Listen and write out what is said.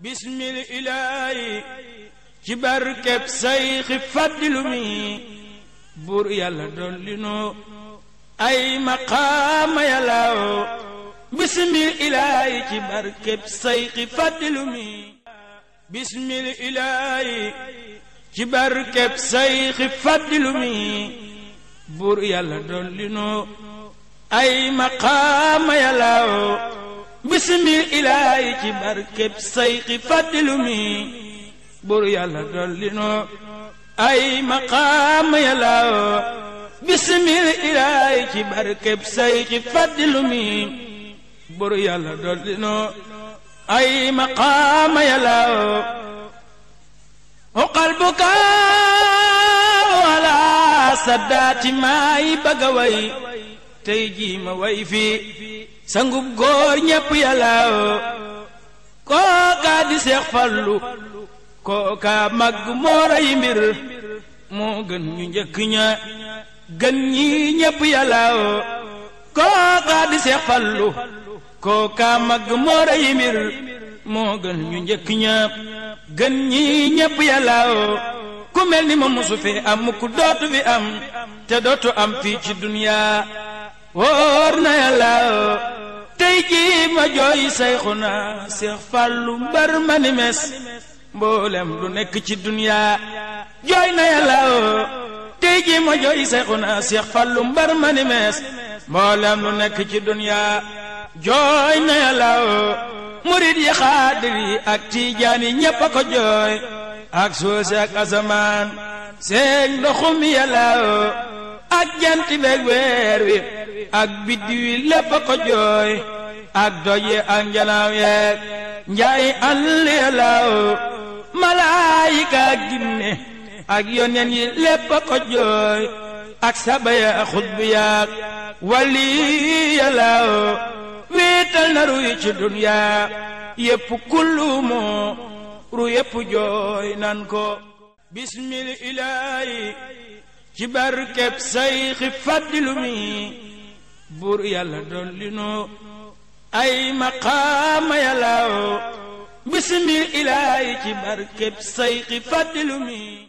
bismil ilaahi ci barkeb sayxi faddilu mi buur yàlla dolli noo ay maqaama yàllaw bismil ilaahi ci barkeb yàlla bismil ilaahi ci barkeb sayxi fàddilu mi bur yàlla dolli noo ay maqaam yàllaaw bismil ilaahi ci barkeb sayxi fàddilu mi bur yàlla dolli noo ay maqaam yàllaaw uqal bukaa wala saddaati maay bëgg a way tey jii ma way fii sangub góor ñépp yàllaaw kookaa di seex fallu kookaa màgg moo rey mbir moo gën ñu njëkk ña gën ñi ñépp yàllaaw kookaa di seex fallu kookaa màgg moo rey mbir moo gën ñu njëkk gën ñi ñépp yàllaaw ku mel ni ma mosu fi am ku dootu fi am te dootu am fii duniyaa wóor na yàlla tey jii ma jooy Sayxuna Seex Fàllu mbar ma ni mes mboolem lu nekk ci duniyaa jooy na yàlla tey jii ma jooy Sayxuna Seex Fàllu mbar ma ni mes mboolem lu nekk ci duniyaa jooy na yàlla murid yi xaadir yi ak tiijaan yi ko jooy ak suusi ak asamaan seen ndoxum yàlla ak jant beeg weer wi ak biddi wi lépp ko jooy ak doj yi ak njanaaw yeeg njaayi àll malaayika ak ginne ak yoneen yi lépp ko jooy ak sabaya ak xutbu yaag wali yalaaw wéetal na ruy ci dunyaa kullu moo ru yépp jooy nan ko bismil ilaahi ci barkeb sayxi fàddilu mi buur yàlla dolli noo ay maqaama yàllaaw bismil ilaahi ci barkeb sayxi fàddilu mi